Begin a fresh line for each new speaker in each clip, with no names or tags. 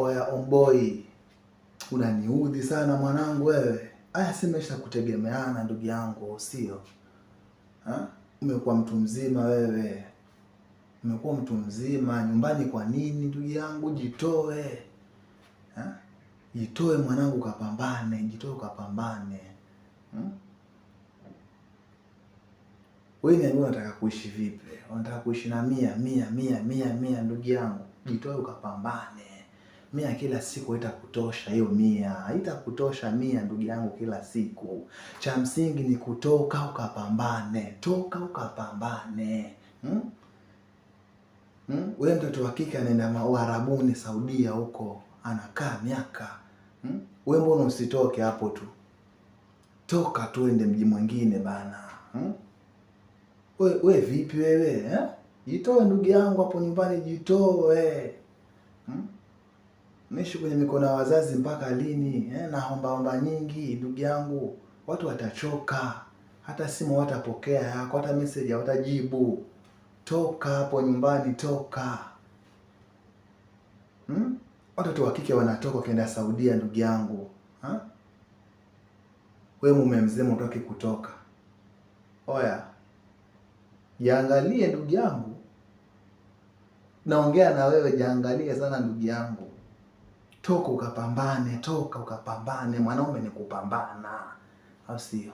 Oh, oh oya omboi, unaniudhi sana mwanangu wewe. Aya, si kutegemeana ndugu yangu, sio? Umekuwa mtu mzima wewe, umekuwa mtu mzima nyumbani. Kwa nini ndugu yangu? Jitoe ha? Jitoe mwanangu, kapambane, jitoe ukapambane. Hmm? Wewe niambia, unataka kuishi vipi? Unataka kuishi na mia mia mia mia mia? Ndugu yangu, jitoe ukapambane mia kila siku haitakutosha. Hiyo mia haitakutosha, mia ndugu yangu, kila siku. Cha msingi ni kutoka ukapambane, toka ukapambane, hmm? Hmm? Ule mtoto wa kike anaenda Uarabuni, Saudia huko anakaa miaka hmm? We mbona usitoke hapo tu, toka tuende mji mwingine bana hmm? We, we vipi wewe eh? Jitoe ndugu yangu hapo nyumbani, jitoe hmm? naishi kwenye mikono ya wazazi mpaka lini eh? na omba nyingi ndugu yangu, watu watachoka, hata simu watapokea yako, hata message hawatajibu. Toka hapo nyumbani, toka hmm? Watoto wa kike wanatoka wakienda Saudia, ndugu yangu ha? We mume mzima utoke kutoka. Oya, jiangalie ndugu yangu, naongea na wewe, jiangalie sana ndugu yangu toka ukapambane, toka ukapambane. Mwanaume ni kupambana, au sio?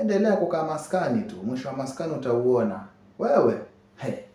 Endelea kukaa maskani tu, mwisho wa maskani utauona wewe. Hey.